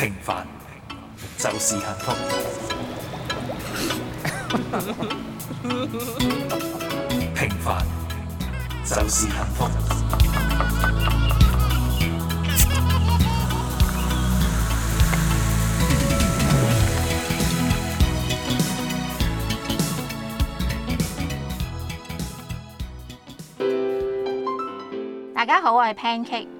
平凡就是幸福。 平凡就是幸福。大家好，我係 Pancake。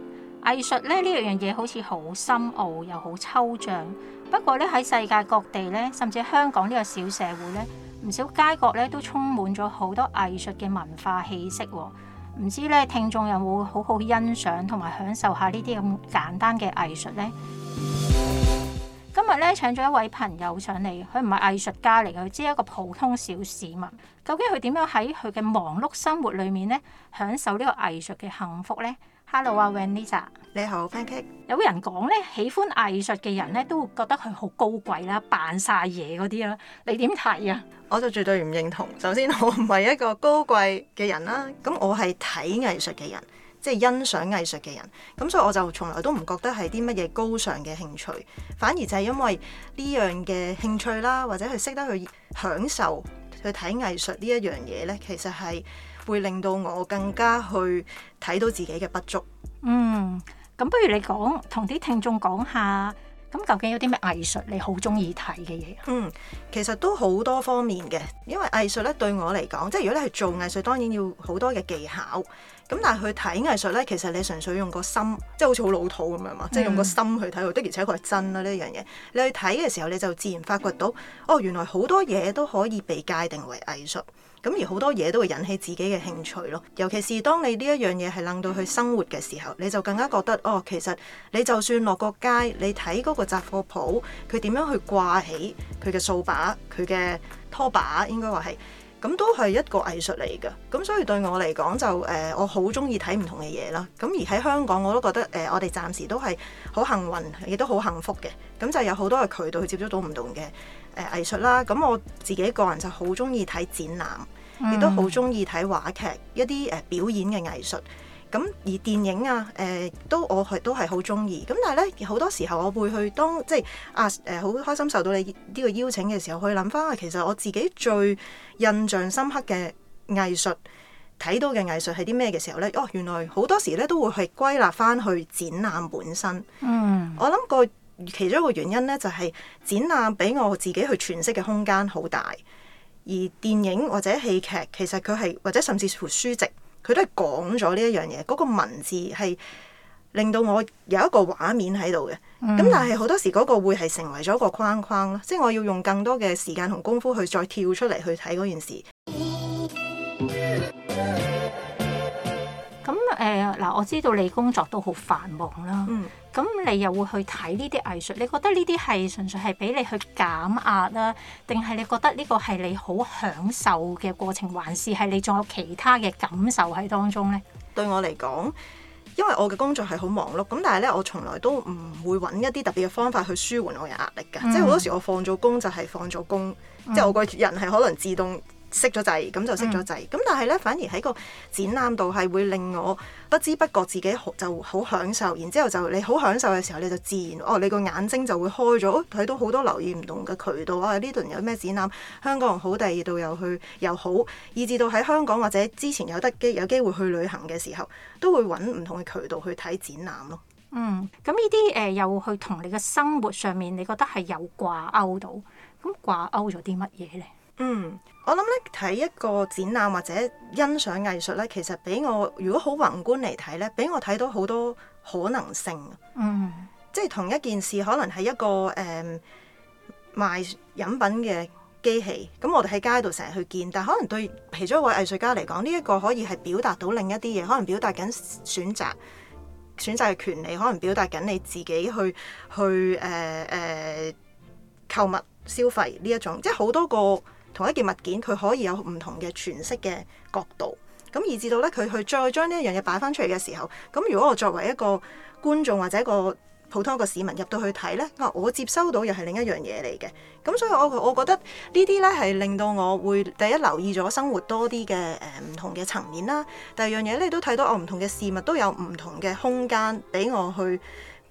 藝術咧呢樣嘢好似好深奧，又好抽象，不過咧喺世界各地咧，甚至香港呢個小社會咧，唔少街角咧都充滿咗好多藝術嘅文化氣息喎。唔知咧聽眾有冇好好欣賞同埋享受下呢啲咁簡單嘅藝術呢？今日咧請咗一位朋友上嚟，佢唔係藝術家嚟嘅，佢只係一個普通小市民。究竟佢點樣喺佢嘅忙碌生活裏面咧，享受呢個藝術嘅幸福呢？Hello 啊 Vanessa 你好 Frankie。有人講咧，喜歡藝術嘅人咧，都會覺得佢好高貴啦，扮晒嘢嗰啲啦。你點睇啊？我就絕對唔認同。首先，我唔係一個高貴嘅人啦。咁我係睇藝術嘅人，即係欣賞藝術嘅人。咁所以我就從來都唔覺得係啲乜嘢高尚嘅興趣，反而就係因為呢樣嘅興趣啦，或者係識得去享受去睇藝術呢一樣嘢咧，其實係。會令到我更加去睇到自己嘅不足。嗯，咁不如你講，同啲聽眾講下，咁究竟有啲咩藝術你好中意睇嘅嘢啊？嗯，其實都好多方面嘅，因為藝術咧對我嚟講，即係如果你係做藝術，當然要好多嘅技巧。咁但係佢睇藝術咧，其實你純粹用個心，即係好似好老土咁樣嘛，mm. 即係用個心去睇到的，的，而且佢係真啦呢一樣嘢。你去睇嘅時候，你就自然發覺到，哦，原來好多嘢都可以被界定為藝術。咁而好多嘢都會引起自己嘅興趣咯。尤其是當你呢一樣嘢係令到佢生活嘅時候，你就更加覺得，哦，其實你就算落個街，你睇嗰個雜貨鋪，佢點樣去掛起佢嘅掃把、佢嘅拖把，應該話係。咁都係一個藝術嚟㗎，咁所以對我嚟講就誒、呃，我好中意睇唔同嘅嘢啦。咁而喺香港我都覺得誒、呃，我哋暫時都係好幸運，亦都好幸福嘅。咁就有好多嘅渠道去接觸到唔同嘅誒、呃、藝術啦。咁我自己個人就好中意睇展覽，亦、嗯、都好中意睇話劇，一啲誒表演嘅藝術。咁而電影啊，誒、呃、都我係都係好鍾意。咁但係咧，好多時候我會去當即係啊誒，好、呃、開心受到你呢個邀請嘅時候，去諗翻啊，其實我自己最印象深刻嘅藝術睇到嘅藝術係啲咩嘅時候咧？哦，原來好多時咧都會去歸納翻去展覽本身。嗯，我諗個其中一個原因咧，就係、是、展覽俾我自己去詮釋嘅空間好大，而電影或者戲劇其實佢係或者甚至乎書籍。佢都係講咗呢一樣嘢，嗰個文字係令到我有一個畫面喺度嘅，咁、嗯、但係好多時嗰個會係成為咗一個框框咯，即係我要用更多嘅時間同功夫去再跳出嚟去睇嗰件事。誒嗱，我知道你工作都好繁忙啦，咁、嗯、你又會去睇呢啲藝術？你覺得呢啲係純粹係俾你去減壓啦？定係你覺得呢個係你好享受嘅過程，還是係你仲有其他嘅感受喺當中咧？對我嚟講，因為我嘅工作係好忙碌，咁但係咧，我從來都唔會揾一啲特別嘅方法去舒緩我嘅壓力㗎。嗯、即係好多時我放咗工就係放咗工，嗯、即係我個人係可能自動。識咗滯咁就識咗滯咁，嗯、但係咧，反而喺個展覽度係會令我不知不覺自己好就好享受。然之後就你好享受嘅時候，你就自然哦，你個眼睛就會開咗，哦、睇到好多留意唔同嘅渠道啊。呢度有咩展覽？香港好，第二度又去又好，以至到喺香港或者之前有得機有機會去旅行嘅時候，都會揾唔同嘅渠道去睇展覽咯。嗯，咁呢啲誒又去同你嘅生活上面，你覺得係有掛鈎到？咁掛鈎咗啲乜嘢呢？嗯。我諗咧睇一個展覽或者欣賞藝術咧，其實俾我如果好宏觀嚟睇咧，俾我睇到好多可能性。嗯、mm，hmm. 即係同一件事，可能係一個誒、嗯、賣飲品嘅機器，咁我哋喺街度成日去見，但可能對其中一位藝術家嚟講，呢、這、一個可以係表達到另一啲嘢，可能表達緊選擇選擇嘅權利，可能表達緊你自己去去誒誒購物消費呢一種，即係好多個。同一件物件，佢可以有唔同嘅詮釋嘅角度。咁而至到咧，佢去再將呢一樣嘢擺翻出嚟嘅時候，咁如果我作為一個觀眾或者一個普通一個市民入到去睇咧，啊，我接收到又係另一樣嘢嚟嘅。咁所以我我覺得呢啲咧係令到我會第一留意咗生活多啲嘅誒唔同嘅層面啦。第二樣嘢咧都睇到我唔同嘅事物都有唔同嘅空間俾我去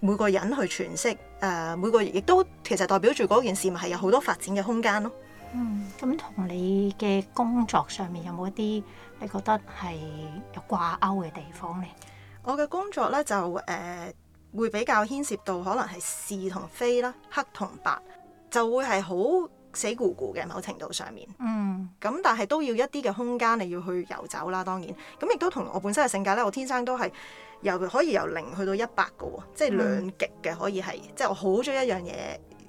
每個人去詮釋誒，每個亦都其實代表住嗰件事物係有好多發展嘅空間咯。嗯，咁同你嘅工作上面有冇一啲你覺得係有掛鈎嘅地方咧？我嘅工作咧就誒、呃、會比較牽涉到可能係是同非啦，黑同白，就會係好死咕咕嘅某程度上面。嗯，咁但係都要一啲嘅空間你要去游走啦，當然咁亦都同我本身嘅性格咧，我天生都係由可以由零去到一百個，即係兩極嘅，嗯、可以係即係我好中意一樣嘢。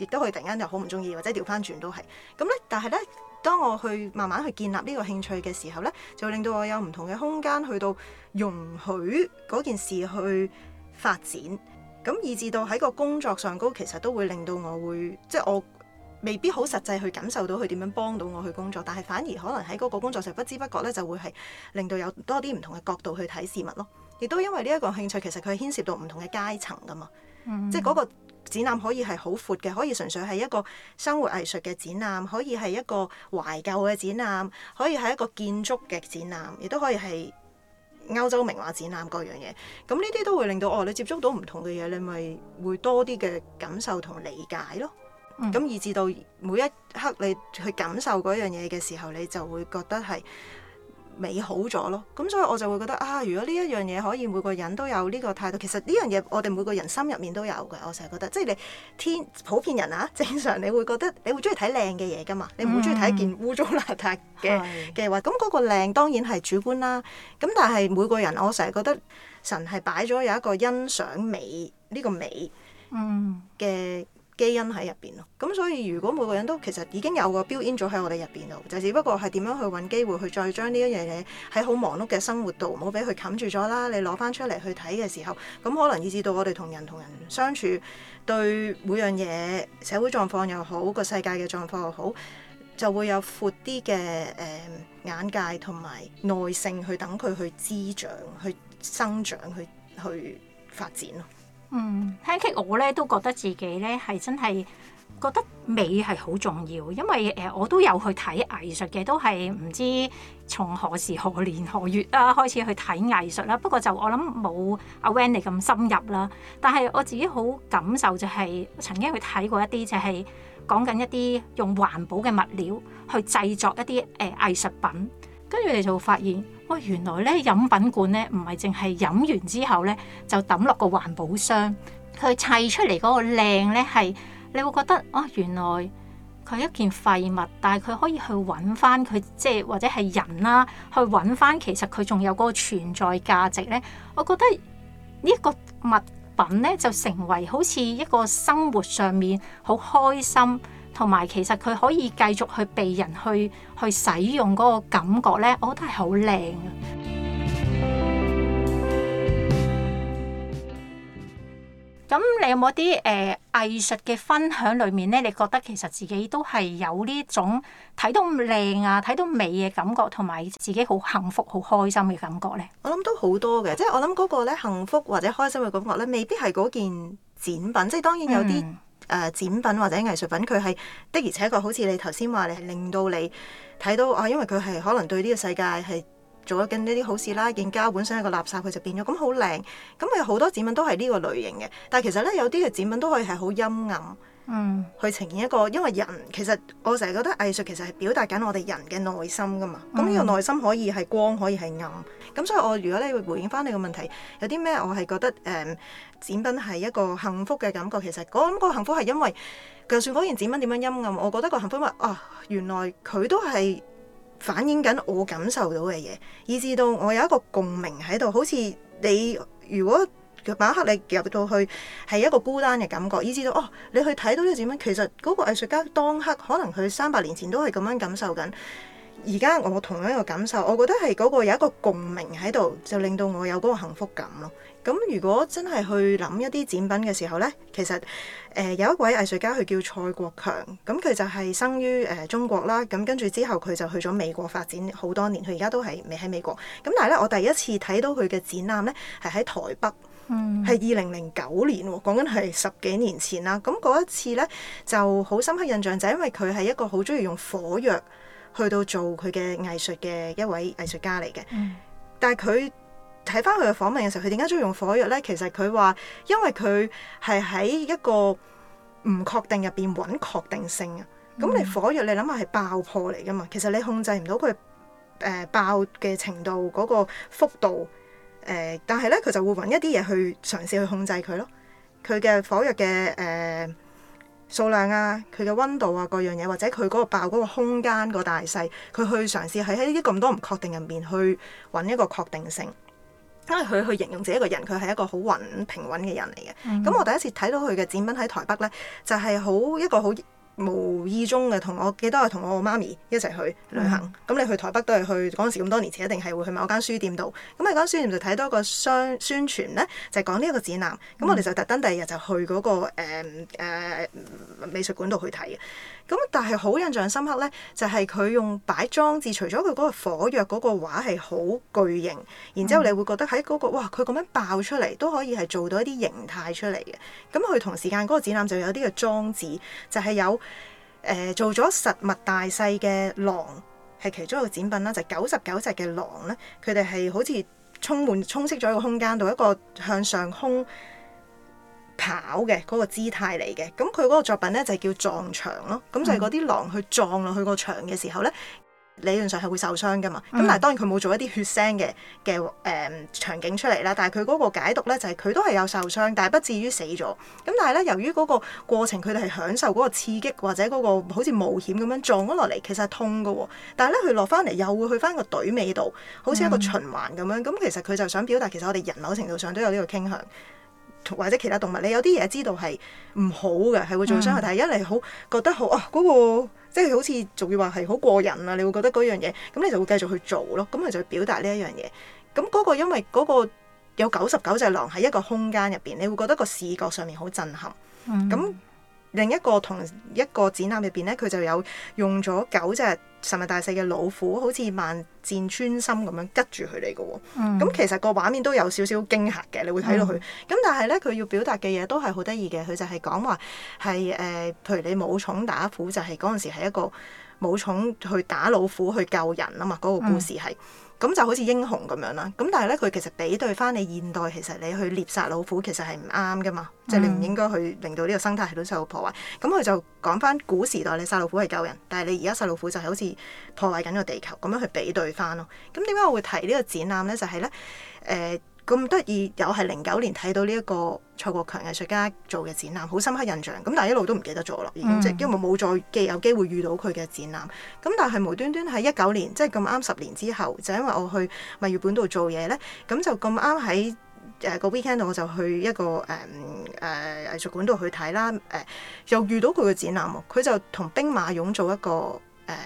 亦都可以突然間又好唔中意，或者調翻轉都係。咁咧，但係咧，當我去慢慢去建立呢個興趣嘅時候咧，就會令到我有唔同嘅空間去到容許嗰件事去發展。咁以至到喺個工作上高，其實都會令到我會，即係我未必好實際去感受到佢點樣幫到我去工作，但係反而可能喺嗰個工作上不知不覺咧，就會係令到有多啲唔同嘅角度去睇事物咯。亦都因為呢一個興趣，其實佢牽涉到唔同嘅階層噶嘛，嗯、即係嗰個。展覽可以係好闊嘅，可以純粹係一個生活藝術嘅展覽，可以係一個懷舊嘅展覽，可以係一個建築嘅展覽，亦都可以係歐洲名畫展覽嗰樣嘢。咁呢啲都會令到哦，你接觸到唔同嘅嘢，你咪會多啲嘅感受同理解咯。咁、嗯、以至到每一刻你去感受嗰樣嘢嘅時候，你就會覺得係美好咗咯，咁所以我就會覺得啊，如果呢一樣嘢可以每個人都有呢個態度，其實呢樣嘢我哋每個人心入面都有嘅。我成日覺得，即係你天普遍人啊，正常你會覺得你會，你會中意睇靚嘅嘢㗎嘛，你唔會中意睇一件污糟邋遢嘅嘅話，咁嗰個靚當然係主觀啦。咁但係每個人，我成日覺得神係擺咗有一個欣賞美呢、呢個美嘅。嗯基因喺入邊咯，咁所以如果每個人都其實已經有個表 u i n 咗喺我哋入邊咯，就只不過係點樣去揾機會去再將呢一樣嘢喺好忙碌嘅生活度冇俾佢冚住咗啦。你攞翻出嚟去睇嘅時候，咁可能以致到我哋同人同人相處，對每樣嘢、社會狀況又好，個世界嘅狀況又好，就會有闊啲嘅誒眼界同埋耐性去等佢去滋長、去生長、去去發展咯。嗯，聽劇我咧都覺得自己咧係真係覺得美係好重要，因為誒、呃、我都有去睇藝術嘅，都係唔知從何時何年何月啦、啊、開始去睇藝術啦。不過就我諗冇阿 Vanessa 咁深入啦，但係我自己好感受就係、是、曾經去睇過一啲就係講緊一啲用環保嘅物料去製作一啲誒藝術品。跟住你就會發現，哇、哦！原來咧飲品罐咧唔係淨係飲完之後咧就抌落個環保箱，佢砌出嚟嗰個靚咧係你會覺得，哦，原來佢係一件廢物，但係佢可以去揾翻佢，即係或者係人啦、啊，去揾翻其實佢仲有個存在價值咧。我覺得呢個物品咧就成為好似一個生活上面好開心。同埋，其實佢可以繼續去被人去去使用嗰個感覺咧，我覺得係好靚。咁你有冇啲誒藝術嘅分享裏面咧？你覺得其實自己都係有呢種睇到靚啊、睇到美嘅感覺，同埋自己好幸福、好開心嘅感覺咧？我諗都好多嘅，即係我諗嗰個咧幸福或者開心嘅感覺咧，未必係嗰件展品，即係當然有啲。嗯。誒、呃、展品或者藝術品，佢係的而且確好似你頭先話，你係令到你睇到啊，因為佢係可能對呢個世界係做咗緊呢啲好事啦。件膠本身係個垃圾，佢就變咗咁好靚。咁佢好多展品都係呢個類型嘅，但係其實咧有啲嘅展品都可以係好陰暗。嗯，去呈現一個，因為人其實我成日覺得藝術其實係表達緊我哋人嘅內心噶嘛。咁呢個內心可以係光，可以係暗。咁所以我如果你咧回應翻你個問題，有啲咩我係覺得誒、嗯、展品係一個幸福嘅感覺。其實我諗個幸福係因為，就算講完展品點樣陰暗，我覺得個幸福係、就是、啊，原來佢都係反映緊我感受到嘅嘢，以至到我有一個共鳴喺度，好似你如果。嗰一刻，你入到去係一個孤單嘅感覺，意思到哦。你去睇到呢個展品。其實嗰個藝術家當刻可能佢三百年前都係咁樣感受緊。而家我同樣一個感受，我覺得係嗰個有一個共鳴喺度，就令到我有嗰個幸福感咯。咁如果真係去諗一啲展品嘅時候咧，其實誒有一位藝術家佢叫蔡國強，咁佢就係生於誒中國啦。咁跟住之後佢就去咗美國發展好多年，佢而家都係未喺美國。咁但係咧，我第一次睇到佢嘅展覽咧，係喺台北，係二零零九年喎，講緊係十幾年前啦。咁嗰一次咧，就好深刻印象，就係、是、因為佢係一個好鍾意用火藥去到做佢嘅藝術嘅一位藝術家嚟嘅。嗯、但係佢睇返佢嘅訪問嘅時候，佢點解鍾意用火藥咧？其實佢話因為佢係喺一個唔確定入邊揾確定性啊。咁、嗯、你火藥你諗下係爆破嚟噶嘛？其實你控制唔到佢誒爆嘅程度嗰、那個幅度。誒，但係咧，佢就會揾一啲嘢去嘗試去控制佢咯。佢嘅火藥嘅誒、呃、數量啊，佢嘅溫度啊，各樣嘢，或者佢嗰個爆嗰個空間、個大細，佢去嘗試喺喺呢啲咁多唔確定入面去揾一個確定性。因為佢去形容自己一個人，佢係一個好穩平穩嘅人嚟嘅。咁、mm hmm. 我第一次睇到佢嘅展品喺台北咧，就係、是、好一個好。無意中嘅同我，記得係同我媽咪一齊去旅行。咁、嗯、你去台北都係去嗰陣時咁多年前，一定係會去某間書店度。咁喺嗰間書店就睇到一個宣宣傳咧，就係、是、講呢一個展覽。咁我哋就特登第二日就去嗰、那個誒、嗯嗯嗯、美術館度去睇嘅。咁但係好印象深刻咧，就係、是、佢用擺裝置，除咗佢嗰個火藥嗰個畫係好巨型，然之後你會覺得喺嗰、那個哇佢咁樣爆出嚟都可以係做到一啲形態出嚟嘅。咁佢同時間嗰個展覽就有啲嘅裝置，就係、是、有誒、呃、做咗實物大細嘅狼係其中一個展品啦，就九十九隻嘅狼咧，佢哋係好似充滿充斥咗一個空間到一個向上空。跑嘅嗰、那個姿態嚟嘅，咁佢嗰個作品咧就是、叫撞牆咯，咁就係嗰啲狼撞去撞落去個牆嘅時候咧，理論上係會受傷㗎嘛。咁但係當然佢冇做一啲血腥嘅嘅誒場景出嚟啦。但係佢嗰個解讀咧就係、是、佢都係有受傷，但係不至於死咗。咁但係咧由於嗰個過程，佢哋係享受嗰個刺激或者嗰個好似冒險咁樣撞咗落嚟，其實係痛㗎喎。但係咧佢落返嚟又會去返個隊尾度，好似一個循環咁樣。咁、嗯、其實佢就想表達，其實我哋人某程度上都有呢個傾向。或者其他動物，你有啲嘢知道係唔好嘅，係會造成傷害。嗯、但係一嚟好覺得好啊，嗰、那個即係、就是、好似仲要話係好過人啊，你會覺得嗰樣嘢，咁你就會繼續去做咯。咁佢就表達呢一樣嘢。咁嗰個因為嗰個有九十九隻狼喺一個空間入邊，你會覺得個視覺上面好震撼。咁、嗯。另一個同一個展覽入邊咧，佢就有用咗九隻十日大細嘅老虎，好似萬箭穿心咁樣吉住佢哋嘅喎。咁、嗯、其實個畫面都有少少驚嚇嘅，你會睇到佢。咁、嗯、但係咧，佢要表達嘅嘢都係好得意嘅。佢就係講話係誒，譬如你武松打虎，就係嗰陣時係一個武松去打老虎去救人啊嘛。嗰、那個故事係。嗯咁就好似英雄咁樣啦，咁但係咧佢其實比對翻你現代，其實你去獵殺老虎其實係唔啱㗎嘛，嗯、即係你唔應該去令到呢個生態系統受到破壞。咁佢就講翻古時代你殺老虎係救人，但係你而家殺老虎就係好似破壞緊個地球咁樣去比對翻咯。咁點解我會提呢個展覽咧？就係、係、咧，誒、呃。咁得意，有係零九年睇到呢一個蔡國強藝術家做嘅展覽，好深刻印象。咁但係一路都唔記得咗已咯，即係、mm. 因為冇再既有機會遇到佢嘅展覽。咁但係無端端喺一九年，即係咁啱十年之後，就因為我去墨爾本度做嘢咧，咁就咁啱喺誒個 weekend 我就去一個誒誒、嗯嗯、藝術館度去睇啦。誒、嗯、又遇到佢嘅展覽喎，佢就同兵馬俑做一個誒、嗯、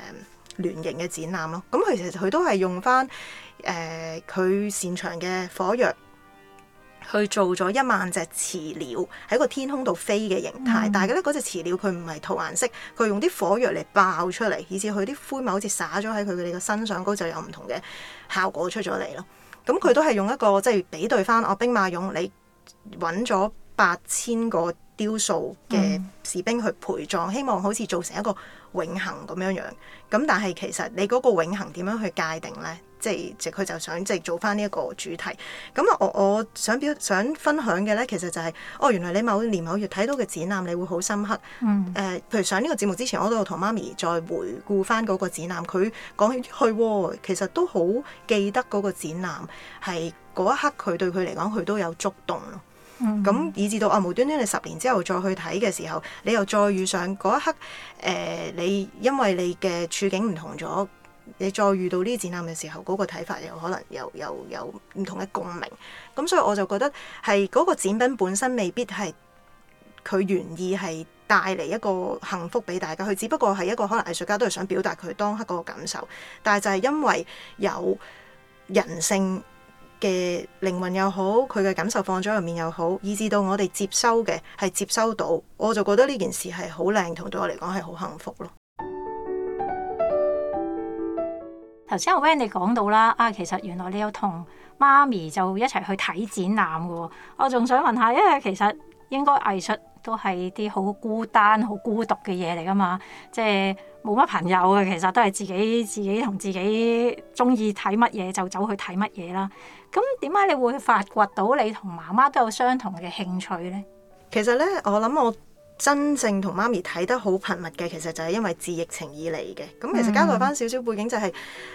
聯營嘅展覽咯。咁佢其實佢都係用返。誒佢，呃，擅長嘅火藥，去做咗一萬隻磁鳥喺個天空度飛嘅形態，嗯、但係咧嗰隻磁鳥佢唔係塗顏色，佢用啲火藥嚟爆出嚟，以至佢啲灰物好似灑咗喺佢哋嘅身上，高就有唔同嘅效果出咗嚟咯。咁、嗯、佢、嗯、都係用一個即係比對翻哦，兵馬俑你揾咗。八千個雕塑嘅士兵去陪葬，嗯、希望好似做成一個永恆咁樣樣。咁但係其實你嗰個永恆點樣去界定呢？即係佢就想即係、就係、做翻呢一個主題。咁啊，我我想表想分享嘅呢，其實就係、係、哦，原來你某年某月睇到嘅展覽，你會好深刻。誒、嗯呃，譬如上呢個節目之前，我都有同媽咪再回顧翻嗰個展覽，佢講起去，其實都好記得嗰個展覽係嗰一刻，佢對佢嚟講，佢都有觸動咯。咁、嗯、以至到啊，無端端你十年之後再去睇嘅時候，你又再遇上嗰一刻，誒、呃，你因為你嘅處境唔同咗，你再遇到呢啲展覽嘅時候，嗰、那個睇法又可能又又有唔同嘅共鳴。咁所以我就覺得係嗰、那個展品本身未必係佢原意係帶嚟一個幸福畀大家，佢只不過係一個可能藝術家都係想表達佢當刻嗰個感受，但係就係因為有人性。嘅靈魂又好，佢嘅感受放咗入面又好，以至到我哋接收嘅係接收到，我就覺得呢件事係好靚，同對我嚟講係好幸福咯。頭先阿 Van 你講到啦，啊其實原來你有同媽咪就一齊去睇展覽㗎喎，我仲想問下，因為其實應該藝術。都係啲好孤單、好孤獨嘅嘢嚟㗎嘛，即係冇乜朋友嘅，其實都係自己自己同自己鍾意睇乜嘢就走去睇乜嘢啦。咁點解你會發掘到你同媽媽都有相同嘅興趣咧？其實咧，我諗我。真正同媽咪睇得好頻密嘅，其實就係因為自疫情以嚟嘅。咁其實交代翻少少背景就係、是，誒、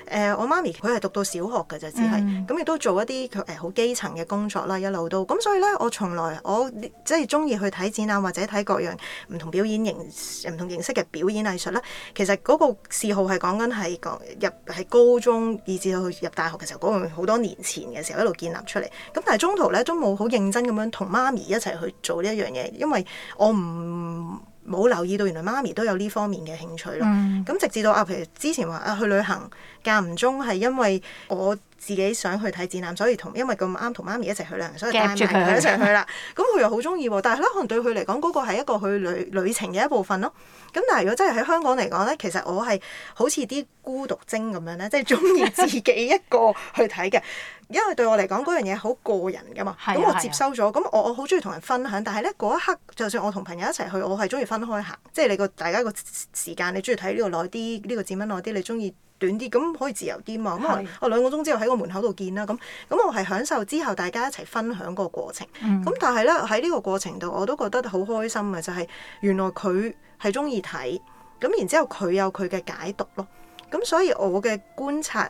嗯呃，我媽咪佢係讀到小學㗎啫，只係，咁亦、嗯、都做一啲佢誒好基層嘅工作啦，一路都。咁所以咧，我從來我即係中意去睇展覽，或者睇各樣唔同表演形唔同形式嘅表演藝術啦。其實嗰個嗜好係講緊係講入係高中，以至到去入大學嘅時候，嗰個好多年前嘅時候一路建立出嚟。咁但係中途咧都冇好認真咁樣同媽咪一齊去做呢一樣嘢，因為我唔。嗯，冇留意到，原來媽咪都有呢方面嘅興趣咯。咁、嗯、直至到啊，其實之前話啊去旅行，間唔中係因為我。自己想去睇展覽，所以同因為咁啱同媽咪一齊去啦，所以帶埋佢一齊去啦。咁佢 又好中意，但係可能對佢嚟講，嗰、嗰個係一個去旅旅程嘅一部分咯。咁但係如果真係喺香港嚟講咧，其實我係好似啲孤獨精咁樣咧，即係中意自己一個去睇嘅。 因為對我嚟講，嗰樣嘢好個人㗎嘛。咁 我接收咗，咁我我好中意同人分享，但係咧嗰一刻，就算我同朋友一齊去，我係中意分開行。即係你個大家個時間，你中意睇呢個耐啲，呢、呢個展覽耐啲，你中意，短啲咁可以自由啲嘛？咁是可能我兩個鐘之後喺我門口度見啦。咁咁我係享受之後大家一齊分享個過程。咁、嗯、但係咧喺呢個過程度我都覺得好開心嘅，就係、是、原來佢係中意睇，咁然之後佢有佢嘅解讀咯。咁所以我嘅觀察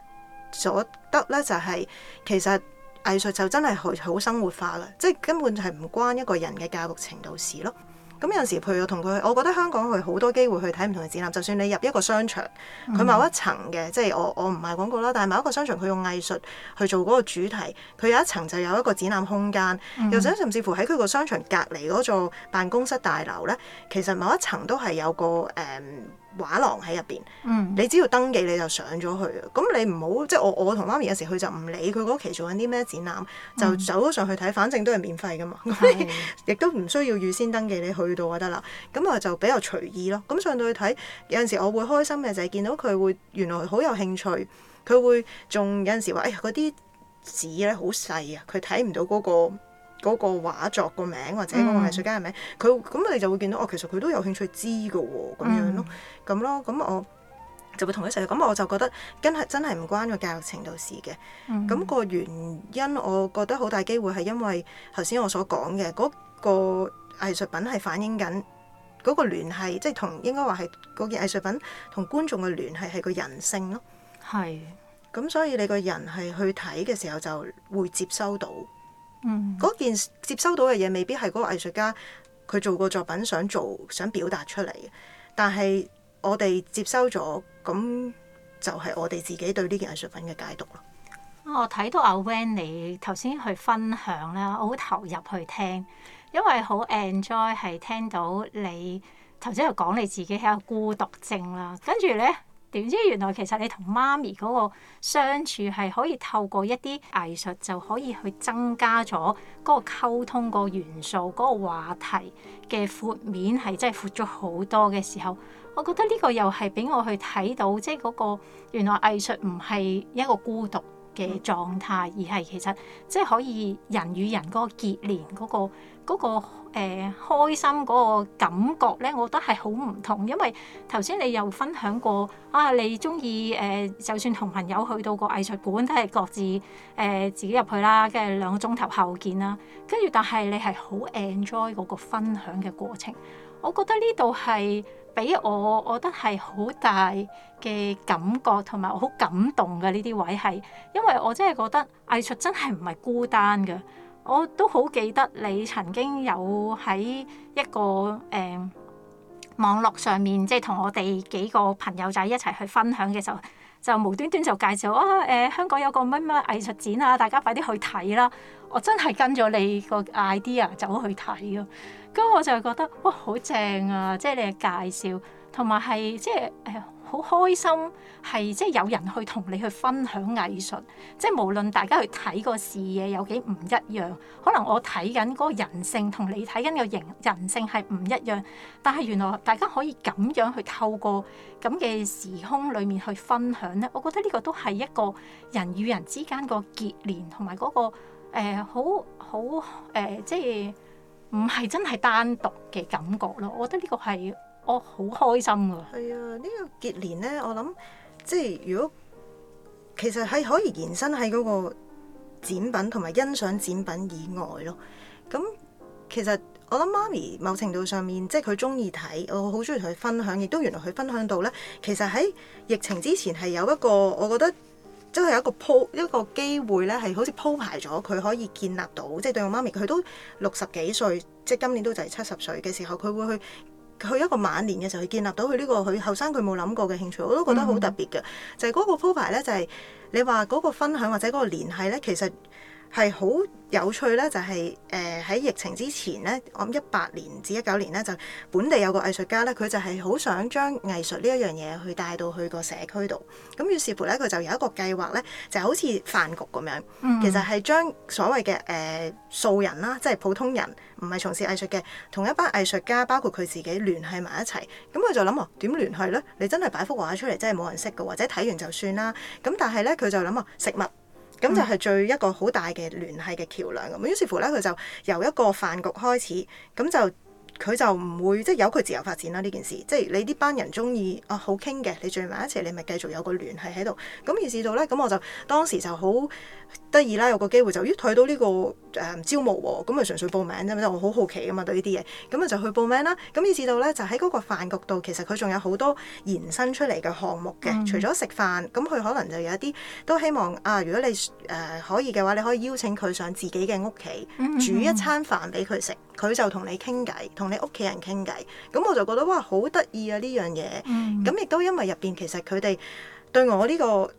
所得咧就係、是、其實藝術就真係好好生活化喇，即、就、係、是、根本就係唔關一個人嘅教育程度事咯。咁有陣時，譬如我同佢去，我覺得香港去好多機會去睇唔同嘅展覽。就算你入一個商場，佢某一層嘅，即係我我唔賣廣告啦，但係某一個商場佢用藝術去做嗰個主題，佢有一層就有一個展覽空間。又想、嗯、甚至乎喺佢個商場隔離嗰座辦公室大樓咧，其實某一層都係有個誒。Um, 畫廊喺入邊，嗯、你只要登記你就上咗去啊。咁你唔好即係我我同媽咪有時佢就唔理佢嗰期做緊啲咩展覽，嗯、就走咗上去睇，反正都係免費㗎嘛，亦的 都唔需要預先登記，你去到就得啦。咁我就比較隨意咯。咁上到去睇，有陣時，我會開心嘅就係、是、見到佢會原來好有興趣，佢會仲有陣時話：哎呀嗰啲紙咧好細啊，佢睇唔到嗰、那個。嗰個畫作個名或者嗰個藝術家嘅名，佢咁、嗯、你就會見到哦。其實佢都有興趣知㗎喎、哦，咁樣咯，咁、嗯、咯，咁我就會同佢一齊。咁我就覺得真係真係唔關個教育程度事嘅。咁、嗯、個原因，我覺得好大機會係因為頭先我所講嘅嗰個藝術品係反映緊嗰個聯繫，即係同應該話係嗰件藝術品同觀眾嘅聯繫係個人性咯。係是。咁所以你個人係去睇嘅時候就會接收到。嗰、嗯、件接收到嘅嘢，未必係嗰個藝術家佢做過作品想做想表達出嚟嘅，但係我哋接收咗，咁就係我哋自己對呢件藝術品嘅解讀咯。我睇到阿 Van 你頭先去分享啦，我好投入去聽，因為好 enjoy 係聽到你頭先又講你自己係有孤獨症啦，跟住咧，點知原來其實你同媽咪嗰個相處係可以透過一啲藝術就可以去增加咗嗰個溝通個元素、嗰個話題嘅闊面係真係闊咗好多嘅時候，我覺得呢個又係俾我去睇到，即係嗰個原來藝術唔係一個孤獨嘅狀態，而係其實即係可以人與人嗰個結連，嗰、嗰個嗰、嗰個呃、開心嗰個感覺咧，我覺得係好唔同。因為頭先你又分享過啊，你中意誒，就算同朋友去到個藝術館，都係各自誒、呃、自己入去啦，跟住兩個鐘頭後見啦，跟住但係你係好 enjoy 嗰個分享嘅過程。我覺得呢度係。俾我，我覺得係好大嘅感覺，同埋我好感動嘅呢啲位，係因為我真係覺得藝術真係唔係孤單嘅。我都好記得你曾經有喺一個誒、欸、網絡上面，即係同我哋幾個朋友仔一齊去分享嘅時候，就無端端就介紹啊誒、欸，香港有個乜乜藝術展啊，大家快啲去睇啦！我真係跟咗你個 idea 走去睇咯。咁我就覺得哇好正啊！即係你嘅介紹，同埋係即係誒好開心，係即係有人去同你去分享藝術。即係無論大家去睇個視野有幾唔一樣，可能我睇緊嗰個人性同你睇緊嘅型人性係唔一樣，但係原來大家可以咁樣去透過咁嘅時空裡面去分享咧。我覺得呢個都係一個人與人之間個結連，同埋嗰個誒好好誒即係。唔係真係單獨嘅感覺咯，我覺得呢個係我好開心啊。係啊，呢個結連咧，我諗即係如果其實係可以延伸喺嗰個展品同埋欣賞展品以外咯。咁其實我諗媽咪某程度上面即係佢中意睇，我好中意同佢分享，亦都原來佢分享到咧。其實喺疫情之前係有一個，我覺得。即係有一個鋪一個機會咧，係好似鋪排咗佢可以建立到，即係對我媽咪，佢都六十幾歲，即係今年都就係七十歲嘅時候，佢會去去一個晚年嘅時候建立到佢呢個佢後生佢冇諗過嘅興趣，我都覺得好特別嘅。嗯、哼就係嗰個鋪排咧，就係你話嗰個分享或者嗰個聯繫咧，其實。係好有趣咧、就是，就係誒喺疫情之前咧，我諗一八年至一九年咧，就本地有個藝術家咧，佢就係好想將藝術呢一樣嘢去帶到去個社區度。咁於是乎咧，佢就有一個計劃咧，就好似飯局咁樣，其實係將所謂嘅誒、呃、素人啦，即係普通人，唔係從事藝術嘅，同一班藝術家包括佢自己聯繫埋一齊。咁佢就諗哦，點、啊、聯繫咧？你真係擺幅畫出嚟，真係冇人識嘅，或者睇完就算啦。咁但係咧，佢就諗哦，食物。咁就係最一個好大嘅聯繫嘅橋梁咁。嗯、於是乎咧，佢就由一個飯局開始，咁就佢就唔會即係、就是、由佢自由發展啦呢件事，即係你呢班人中意啊好傾嘅，你聚埋一齊你咪繼續有個聯繫喺度，咁於是到咧，咁我就當時就好得意啦，有個機會就咦睇到呢、呢個。誒招募喎，咁咪、嗯、純粹報名啫嘛！就是、我好好奇啊嘛，對呢啲嘢，咁咪就去報名啦。咁以至到咧，就喺嗰個飯局度，其實佢仲有好多延伸出嚟嘅項目嘅。嗯、除咗食飯，咁佢可能就有一啲都希望啊，如果你誒、呃、可以嘅話，你可以邀請佢上自己嘅屋企煮一餐飯俾佢食，佢就同你傾偈，同你屋企人傾偈。咁、嗯嗯、我就覺得哇，好得意啊呢樣嘢！咁亦都因為入邊其實佢哋對我呢、呢個。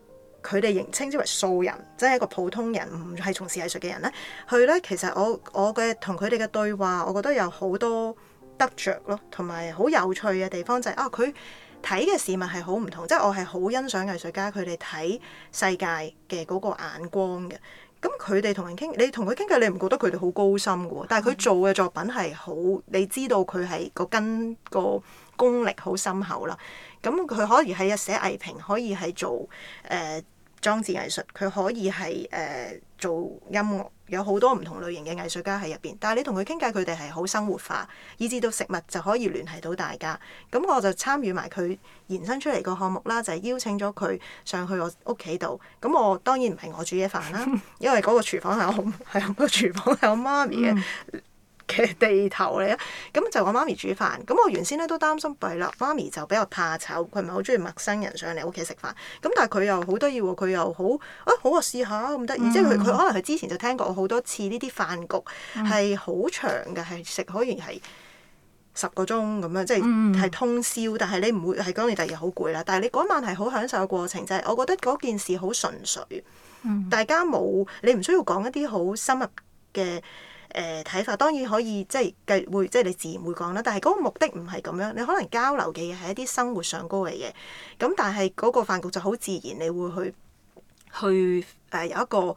佢哋仍稱之為素人，即係一個普通人，唔係從事藝術嘅人咧。佢咧，其實我我嘅同佢哋嘅對話，我覺得有好多得着咯，同埋好有趣嘅地方就係、是、啊，佢睇嘅事物係好唔同，即係我係好欣賞藝術家佢哋睇世界嘅嗰個眼光嘅。咁佢哋同人傾，你同佢傾偈，你唔覺得佢哋好高深嘅？但係佢做嘅作品係好，你知道佢係個根個功力好深厚啦。咁佢可以係寫藝評，可以係做誒。呃裝置藝術佢可以係誒、呃、做音樂，有好多唔同類型嘅藝術家喺入邊。但係你同佢傾偈，佢哋係好生活化，以至到食物就可以聯繫到大家。咁我就參與埋佢延伸出嚟個項目啦，就係、是、邀請咗佢上去我屋企度。咁我當然唔係我煮嘢飯啦，因為嗰個廚房係我係我個廚房係我， 我，我媽咪嘅。 嘅地頭嚟，咁就我媽咪煮飯。咁我原先咧都擔心，弊啦。媽咪就比較怕醜，佢唔係好中意陌生人上嚟屋企食飯。咁但係佢又好得意喎，佢又、哎、好，啊好啊試下咁得意。嗯、即係佢佢可能佢之前就聽過好多次呢啲飯局係好長嘅，係食、嗯、可以係十個鐘咁樣，即係係通宵。嗯、但係你唔會係講你第二日好攰啦。但係你嗰晚係好享受嘅過程，就係、是、我覺得嗰件事好純粹，嗯、大家冇你唔需要講一啲好深入嘅。誒睇、呃、法當然可以即係計會即係你自然會講啦，但係嗰個目的唔係咁樣，你可能交流嘅嘢係一啲生活上高嘅嘢，咁但係嗰個飯局就好自然，你會去去誒、呃、有一個誒、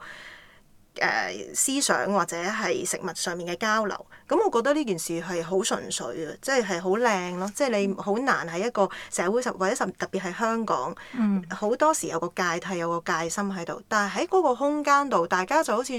呃、思想或者係食物上面嘅交流，咁我覺得呢件事係好純粹嘅，即係係好靚咯，即、就、係、是、你好難喺一個社會上或者特別係香港，好、嗯、多時有個界替有個戒心喺度，但係喺嗰個空間度，大家就好似。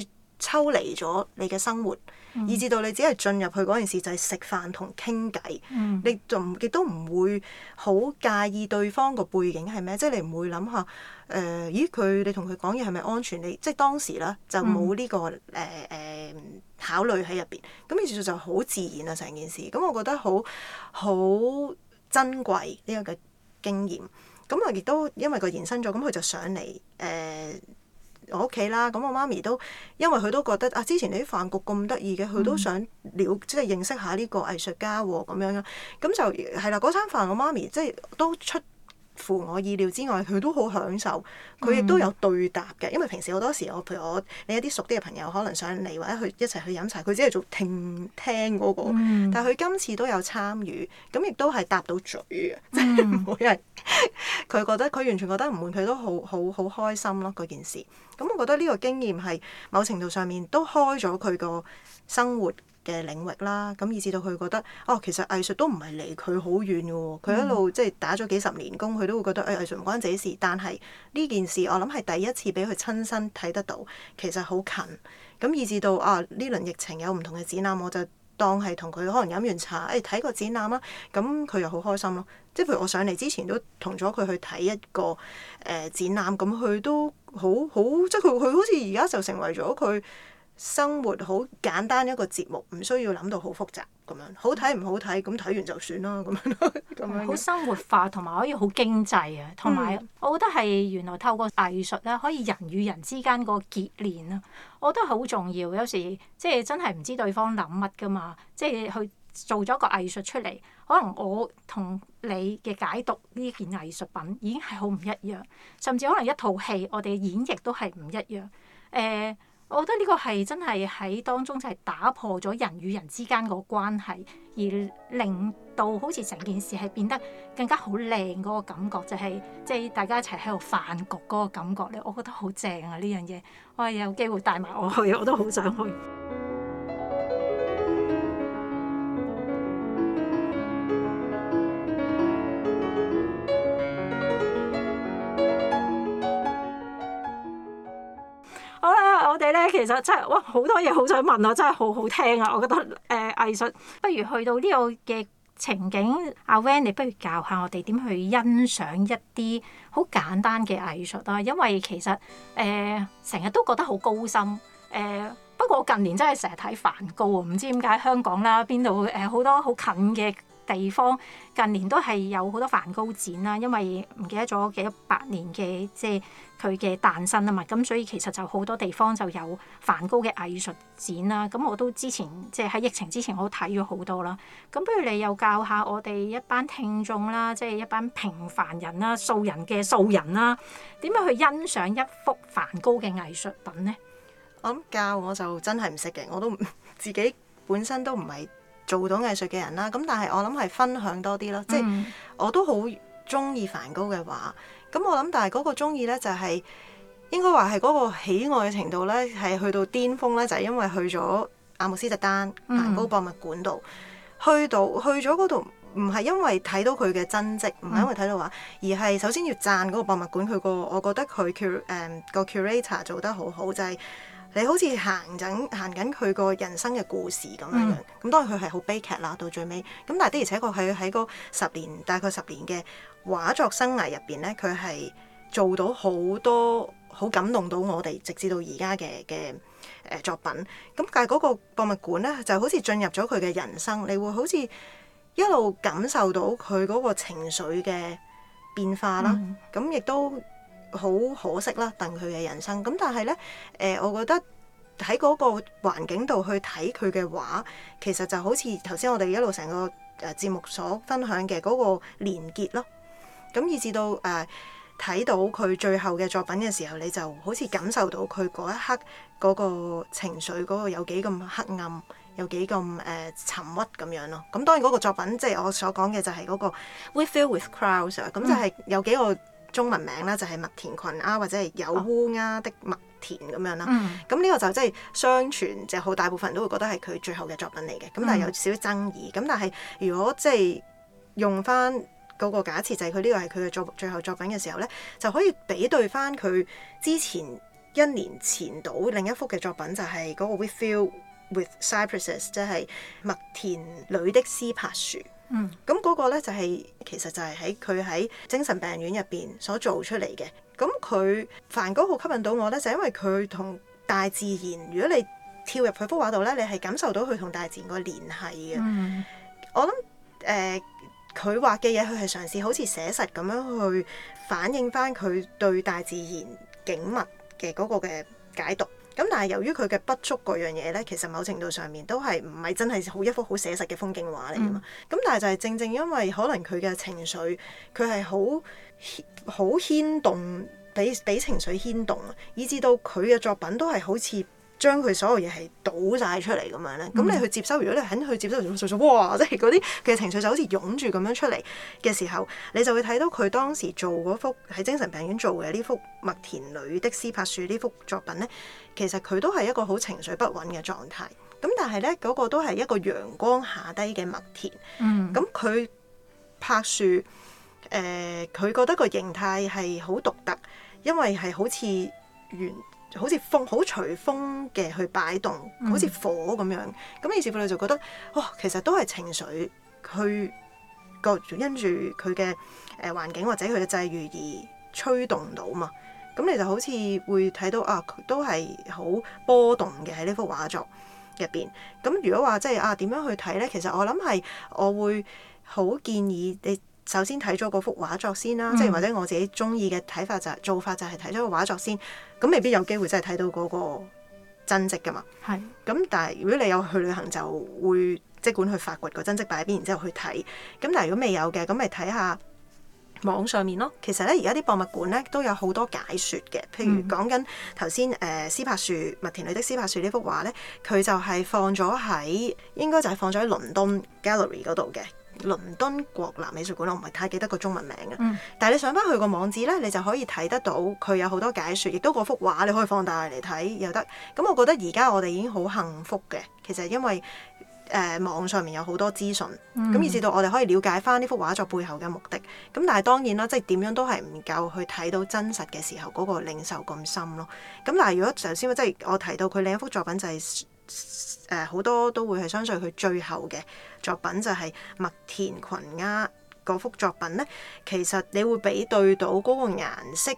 抽離咗你嘅生活，嗯、以至到你只係進入去嗰件事就係、是、食飯同傾偈，嗯、你仲亦都唔會好介意對方個背景係咩，即、就、係、是、你唔會諗下誒、呃，咦佢你同佢講嘢係咪安全？你即係、就是、當時咧就冇呢、這個誒誒、呃呃、考慮喺入邊，咁於是就好自然啊成件事，咁我覺得好好珍貴呢一、這個經驗，咁啊亦都因為個延伸咗，咁佢就上嚟誒。呃我屋企啦，咁我媽咪都因為佢都覺得啊，之前你啲飯局咁得意嘅，佢都想了即係、就是、認識下呢個藝術家喎、哦、咁樣咯，咁就係啦，嗰餐飯我媽咪即係都出乎我意料之外，佢都好享受，佢亦都有對答嘅。嗯、因為平時好多時我陪我，我譬如我你一啲熟啲嘅朋友可能想嚟或者去一齊去飲茶，佢只係做聽聽嗰、嗰個。嗯、但係佢今次都有參與，咁亦都係答到嘴嘅。即係每日，佢 覺得佢完全覺得唔悶，佢都好好好開心咯嗰件事。咁我覺得呢個經驗係某程度上面都開咗佢個生活。嘅領域啦，咁以至到佢覺得，哦，其實藝術都唔係離佢好遠嘅喎。佢一路即係打咗幾十年工，佢都會覺得，誒、哎，藝術唔關自己事。但係呢件事，我諗係第一次俾佢親身睇得到，其實好近。咁以至到啊，呢輪疫情有唔同嘅展覽，我就當係同佢可能飲完茶，誒、哎，睇個展覽、嗯、啦。咁佢又好開心咯。即係譬如我上嚟之前都同咗佢去睇一個誒展覽，咁、嗯、佢都好好，即係佢佢好似而家就成為咗佢。生活好簡單一個節目，唔需要諗到好複雜咁樣。好睇唔好睇，咁睇完就算啦。咁樣好生活化，同埋可以好經濟啊。同埋我覺得係原來透過藝術咧，可以人與人之間個結連啦。我覺得好重要。有時即係、就是、真係唔知對方諗乜㗎嘛。即係去做咗個藝術出嚟，可能我同你嘅解讀呢件藝術品已經係好唔一樣，甚至可能一套戲我哋演繹都係唔一樣。誒、欸。我覺得呢個係真係喺當中就係打破咗人與人之間個關係，而令到好似成件事係變得更加好靚嗰個感覺，就係即係大家一齊喺度飯局嗰個感覺咧，我覺得好正啊！呢樣嘢我有機會帶埋我去，我都好想去。其實真係哇，好多嘢好想問啊！真係好好聽啊！我覺得誒、呃、藝術，不如去到呢個嘅情景，阿 Van 你不如教下我哋點去欣賞一啲好簡單嘅藝術啊！因為其實誒成日都覺得好高深誒、呃，不過我近年真係成日睇梵高啊，唔知點解香港啦，邊度誒好多好近嘅地方，近年都係有好多梵高展啦，因為唔記得咗幾百年嘅即係。呃佢嘅誕生啊嘛，咁所以其實就好多地方就有梵高嘅藝術展啦。咁我都之前即係喺疫情之前，我都睇咗好多啦。咁不如你又教下我哋一班聽眾啦，即係一班平凡人啦、素人嘅素人啦，點樣去欣賞一幅梵高嘅藝術品呢？我諗教我就真係唔識嘅，我都自己本身都唔係做到藝術嘅人啦。咁但係我諗係分享多啲咯，嗯、即係我都好中意梵高嘅畫。咁我諗，但係嗰個中意咧，就係、是、應該話係嗰個喜愛嘅程度咧，係去到巔峰咧，就係、是、因為去咗阿姆斯特丹梵高博物館度，去到去咗嗰度，唔係因為睇到佢嘅真跡，唔係因為睇到話，而係首先要讚嗰個博物館佢個，我覺得佢 c u 個 curator 做得好好，就係、是、你好似行緊行緊佢個人生嘅故事咁樣。咁、mm hmm. 當然佢係好悲劇啦，到最尾。咁但係的而且確佢喺嗰十年大概十年嘅。畫作生涯入邊咧，佢係做到好多好感動到我哋，直至到而家嘅嘅誒作品。咁但係嗰個博物館咧，就好似進入咗佢嘅人生，你會好似一路感受到佢嗰個情緒嘅變化啦。咁亦、mm hmm. 都好可惜啦，戥佢嘅人生。咁但係咧，誒、呃，我覺得喺嗰個環境度去睇佢嘅畫，其實就好似頭先我哋一路成個誒節目所分享嘅嗰個連結咯。咁以至到誒睇、呃、到佢最後嘅作品嘅時候，你就好似感受到佢嗰一刻嗰個情緒嗰個有幾咁黑暗，有幾咁誒沉鬱咁樣咯。咁、嗯、當然嗰個作品即係、就是、我所講嘅就係嗰、那個 We Feel With Crows 咁、嗯、就係有幾個中文名啦，就係、是、麥田群啊，或者係有烏鴉的麥田咁樣啦。咁呢、嗯嗯、個就即係相傳，就係好大部分人都會覺得係佢最後嘅作品嚟嘅。咁但係有少少爭議。咁、嗯嗯、但係如果即係用翻。嗰個假設就係佢呢個係佢嘅作最後作品嘅時候咧，就可以比對返佢之前一年前到另一幅嘅作品就、那個，就係嗰個 With Feel With Cypresses 即係麥田裏的絲柏樹。嗯，咁嗰個咧就係其實就係喺佢喺精神病院入邊所做出嚟嘅。咁佢梵高好吸引到我咧，就因為佢同大自然，如果你跳入佢幅畫度咧，你係感受到佢同大自然個聯繫嘅、嗯嗯。我諗誒。佢畫嘅嘢，佢係嘗試好似寫實咁樣去反映翻佢對大自然景物嘅嗰個嘅解讀。咁但係由於佢嘅不足嗰樣嘢咧，其實某程度上面都係唔係真係好一幅好寫實嘅風景畫嚟噶嘛。咁、嗯、但係就係正正因為可能佢嘅情緒，佢係好好牽動，俾俾情緒牽動，以致到佢嘅作品都係好似。將佢所有嘢係倒晒出嚟咁樣咧，咁、嗯、你去接收，如果你肯去接收，哇！即係嗰啲嘅情緒就好似湧住咁樣出嚟嘅時候，你就會睇到佢當時做嗰幅喺精神病院做嘅呢幅麥田裏的絲柏樹呢幅作品咧，其實佢都係一個好情緒不穩嘅狀態。咁但係咧嗰個都係一個陽光下低嘅麥田。嗯。咁佢柏樹，誒、呃，佢覺得個形態係好獨特，因為係好似圓。好似風好隨風嘅去擺動，好似火咁樣。咁於、mm hmm. 是乎你就覺得，哇、哦，其實都係情緒去跟住佢嘅誒環境或者佢嘅際遇而吹動到嘛。咁你就好似會睇到啊，佢都係好波動嘅喺呢幅畫作入邊。咁如果話即係啊點樣去睇咧？其實我諗係我會好建議你。首先睇咗嗰幅畫作先啦，嗯、即係或者我自己中意嘅睇法就係做法就係睇咗個畫作先，咁未必有機會真係睇到嗰個真跡噶嘛。係是。咁但係如果你有去旅行，就會即管去發掘個真跡擺邊，然之後去睇。咁但係如果未有嘅，咁咪睇下網上面咯。其實咧，而家啲博物館咧都有好多解說嘅，譬如講緊頭先誒《絲、呃、柏樹麥田裏的絲柏樹》呢幅畫咧，佢就係放咗喺應該就係放咗喺倫敦 Gallery 嗰度嘅。倫敦國立美術館，我唔係太記得個中文名嘅。但係你上翻去個網址咧，你就可以睇得到佢有好多解説，亦都嗰幅畫你可以放大嚟睇又得。咁我覺得而家我哋已經好幸福嘅，其實因為誒、呃、網上面有好多資訊，咁以至到我哋可以了解翻呢幅畫作背後嘅目的。咁但係當然啦，即係點樣都係唔夠去睇到真實嘅時候嗰個領受咁深咯。咁但係，如果頭先即係我提到佢另一幅作品就係、是。誒好、呃、多都會係相信佢最後嘅作品就係、是、麥田群鴉嗰幅作品咧，其實你會比對到嗰個顏色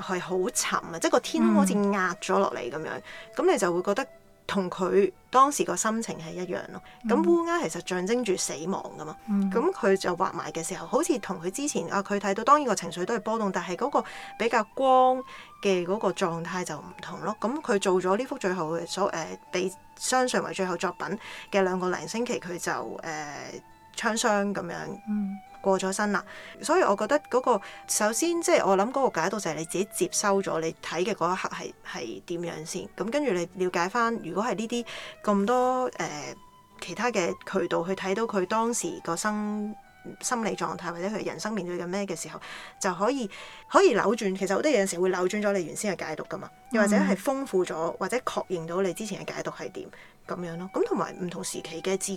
係好沉啊，即係個天空好似壓咗落嚟咁樣，咁、嗯、你就會覺得同佢當時個心情係一樣咯。咁、嗯、烏鴉其實象徵住死亡噶嘛，咁佢、嗯、就畫埋嘅時候，好似同佢之前啊，佢睇到當然個情緒都係波動，但係嗰個比較光。嘅嗰個狀態就唔同咯，咁佢做咗呢幅最後嘅所誒、呃、被相信為最後作品嘅兩個零星期，佢就誒、呃、槍傷咁樣過咗身啦。嗯、所以我覺得嗰個首先即係、就是、我諗嗰個解讀就係你自己接收咗你睇嘅嗰一刻係係點樣先，咁跟住你了解返，如果係呢啲咁多誒、呃、其他嘅渠道去睇到佢當時個生心理狀態或者佢人生面對緊咩嘅時候，就可以可以扭轉，其實好多嘢有陣時會扭轉咗你原先嘅解讀噶嘛，又或者係豐富咗，或者確認到你之前嘅解讀係點咁樣咯。咁同埋唔同時期嘅自己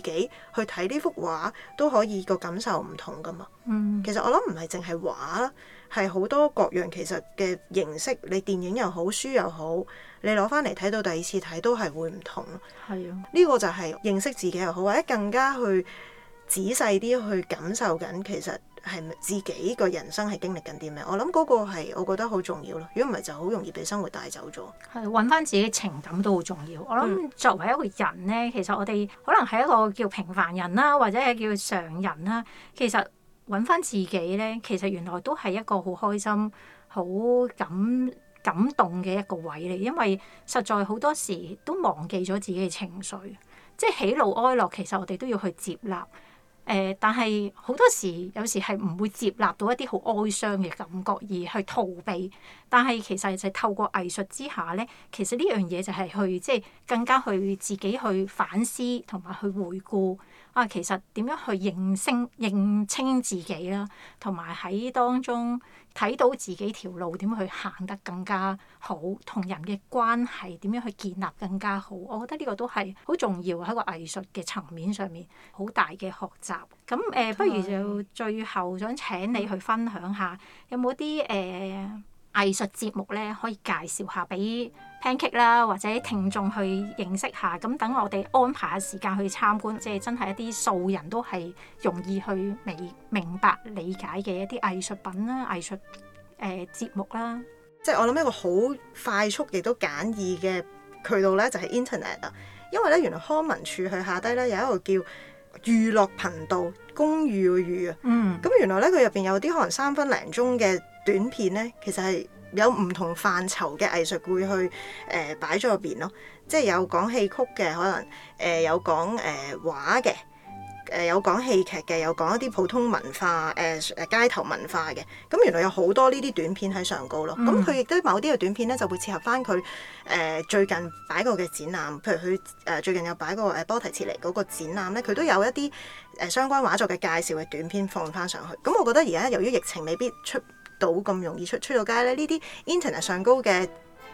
去睇呢幅畫，都可以個感受唔同噶嘛。嗯，其實我諗唔係淨係畫，係好多各樣其實嘅形式，你電影又好，書又好，你攞翻嚟睇到第二次睇都係會唔同咯。係啊，呢個就係認識自己又好，或者更加去。仔細啲去感受緊，其實係咪自己個人生係經歷緊啲咩？我諗嗰個係我覺得好重要咯。如果唔係，就好容易被生活帶走咗。係揾翻自己情感都好重要。我諗作為一個人咧，其實我哋可能係一個叫平凡人啦，或者係叫常人啦。其實揾翻自己咧，其實原來都係一個好開心、好感感動嘅一個位嚟。因為實在好多時都忘記咗自己嘅情緒，即係喜怒哀樂，其實我哋都要去接納。誒，但係好多時，有時係唔會接納到一啲好哀傷嘅感覺，而去逃避。但係其實就透過藝術之下咧，其實呢樣嘢就係去即係、就是、更加去自己去反思同埋去回顧啊，其實點樣去認清認清自己啦，同埋喺當中。睇到自己條路點去行得更加好，同人嘅關係點樣去建立更加好，我覺得呢個都係好重要，喺個藝術嘅層面上面，好大嘅學習。咁誒、呃，不如就最後想請你去分享下，有有，有冇啲誒藝術節目咧，可以介紹下俾啦，或者聽眾去認識下，咁等我哋安排下時間去參觀，即、就、係、是、真係一啲素人都係容易去明明白理解嘅一啲藝術品啦、藝術誒節目啦。即係我諗一個好快速亦都簡易嘅渠道咧，就係、是、Internet。因為咧，原來康文署佢下低咧有一個叫娛樂頻道公寓嘅娛啊。嗯。咁原來咧佢入邊有啲可能三分零鐘嘅短片咧，其實係。有唔同範疇嘅藝術會去誒、呃、擺咗入邊咯，即係有講戲曲嘅，可能誒、呃、有講誒、呃、畫嘅，誒、呃、有講戲劇嘅，有講一啲普通文化誒誒、呃、街頭文化嘅，咁原來有好多呢啲短片喺上高咯。咁佢亦都某啲嘅短片咧就會切合翻佢誒最近擺過嘅展覽，譬如佢誒、呃、最近有擺個誒波提切尼嗰個展覽咧，佢都有一啲誒相關畫作嘅介紹嘅短片放翻上去。咁我覺得而家由於疫情未必出到咁容易出出到街咧，呢啲 internet 上高嘅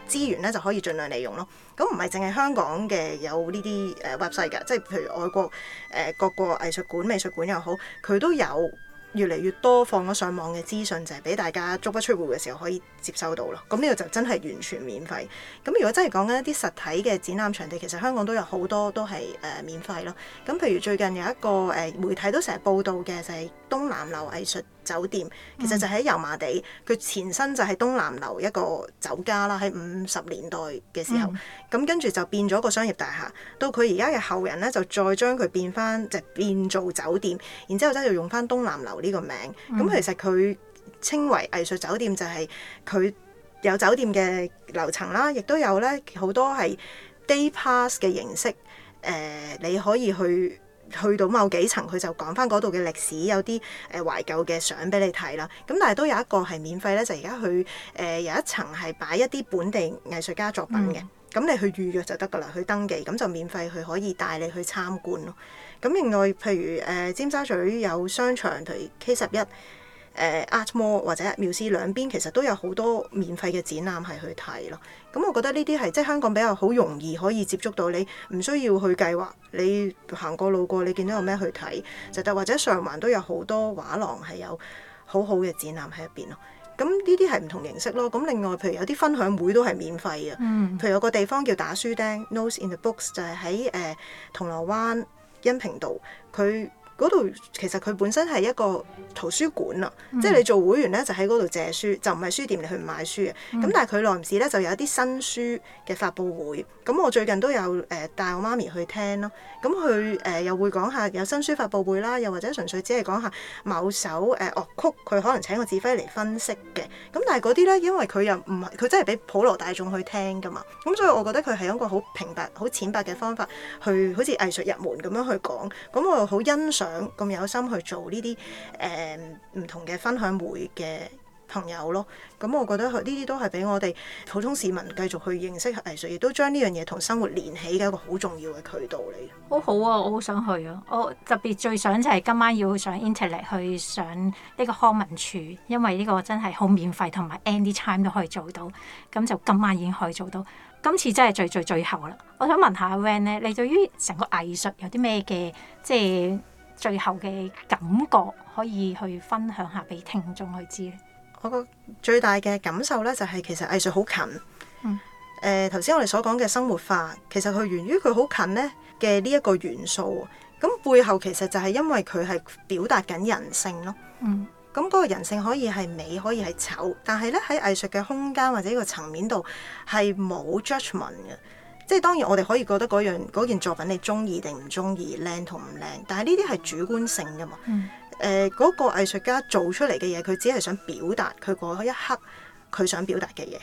資源咧就可以盡量利用咯。咁唔係淨係香港嘅有呢啲誒 website 㗎，即係譬如外國誒、呃、各個藝術館、美術館又好，佢都有越嚟越多放咗上網嘅資訊，就係、是、俾大家足不出戶嘅時候可以接收到咯。咁呢個就真係完全免費。咁如果真係講緊一啲實體嘅展覽場地，其實香港都有好多都係誒免費咯。咁譬如最近有一個誒媒體都成日報道嘅就係、是、東南樓藝術。酒店其實就喺油麻地，佢前身就係東南樓一個酒家啦，喺五十年代嘅時候，咁、嗯、跟住就變咗個商業大廈。到佢而家嘅後人咧，就再將佢變翻，就係、變做酒店。然之後咧就用翻東南樓呢個名。咁、嗯嗯、其實佢稱為藝術酒店，就係、係、佢有酒店嘅樓層啦，亦都有咧好多係 day pass 嘅形式。誒、呃，你可以去。去到某幾層，佢就講翻嗰度嘅歷史，有啲誒懷舊嘅相俾你睇啦。咁但係都有一個係免費咧，就而家去誒、呃、有一層係擺一啲本地藝術家作品嘅，咁、嗯、你去預約就得噶啦，去登記咁就免費，佢可以帶你去參觀咯。咁另外，譬如誒、呃、尖沙咀有商場同 K11。誒、呃、Art Mall 或者繆斯兩邊其實都有好多免費嘅展覽係去睇咯，咁、嗯、我覺得呢啲係即係香港比較好容易可以接觸到你，唔需要去計劃，你行過路過你見到有咩去睇，就得或者上環都有，多有好多畫廊係有好好嘅展覽喺入邊咯，咁呢啲係唔同形式咯。咁另外譬如有啲分享會都係免費嘅，譬如有個地方叫打書釘 Notes in the Books，就係喺誒銅鑼灣恩平道佢。嗰度其實佢本身係一個圖書館啊，嗯、即係你做會員咧就喺嗰度借書，就唔係書店你去買書嘅。咁、嗯、但係佢耐唔時咧就有一啲新書嘅發佈會，咁我最近都有誒、呃、帶我媽咪去聽咯、啊。咁佢誒又會講下有新書發佈會啦，又或者純粹只係講下某首誒、呃、樂曲，佢可能請個指揮嚟分析嘅。咁、嗯、但係嗰啲咧，因為佢又唔係佢真係俾普羅大眾去聽噶嘛，咁、嗯、所以我覺得佢係一個好平白、好淺白嘅方法去好似藝術入門咁樣去講。咁我又好欣賞，咁有心去做呢啲誒唔同嘅分享會嘅朋友咯，咁、嗯、我覺得佢呢啲都係俾我哋普通市民繼續去認識藝術，亦都將呢樣嘢同生活連起嘅一個好重要嘅渠道嚟。好、哦、好啊，我好想去啊！我特別最想就係今晚要上 internet 去上呢個康文署，因為呢個真係好免費同埋 anytime 都可以做到，咁就今晚已經可以做到。今次真係最，最最最後啦！我想問下、A、Van 咧，你對於成個藝術有啲咩嘅即係？最後嘅感覺可以去分享下俾聽眾去知咧。我個最大嘅感受咧，就係、係、其實藝術好近。嗯。誒、呃，頭先我哋所講嘅生活化，其實佢源於佢好近咧嘅呢一個元素。咁背後其實就係因為佢係表達緊人性咯。嗯。咁嗰個人性可以係美，可以係醜，但係咧喺藝術嘅空間或者個層面度係冇 judgment 嘅。即係當然，我哋可以覺得嗰樣嗰件作品你中意定唔中意，靚同唔靚，但係呢啲係主觀性㗎嘛。誒、嗯，嗰、呃嗰個藝術家做出嚟嘅嘢，佢只係想表達佢嗰一刻佢想表達嘅嘢。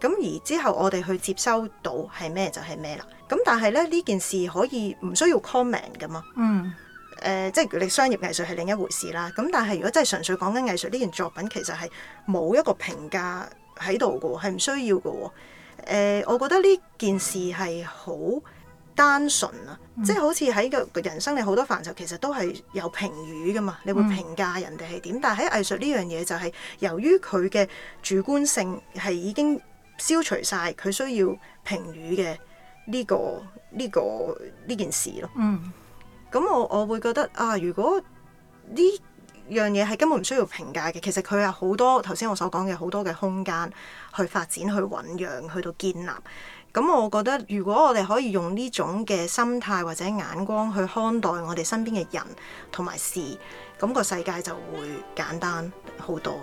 咁、嗯、而之後我哋去接收到係咩就係咩啦。咁、嗯嗯、但係咧呢件事可以唔需要 comment 㗎嘛？嗯、呃。誒、就是，即係你商業藝術係另一回事啦。咁但係如果真係純粹講緊藝術呢件作品，其實係冇一個評價喺度嘅，係唔需要嘅、哦。誒、呃，我覺得呢件事係好單純啊，嗯、即係好似喺個人生你好多範疇，其實都係有評語噶嘛，你會評價人哋係點，嗯、但係喺藝術呢樣嘢就係由於佢嘅主觀性係已經消除晒，佢需要評語嘅呢、呢個呢、呢個呢、呢個、件事咯。嗯，咁我我會覺得啊，如果呢樣嘢係根本唔需要評價嘅，其實佢有好多頭先我所講嘅好多嘅空間去發展、去醖釀、去到建立。咁我覺得，如果我哋可以用呢種嘅心態或者眼光去看待我哋身邊嘅人同埋事，咁個世界就會簡單好多。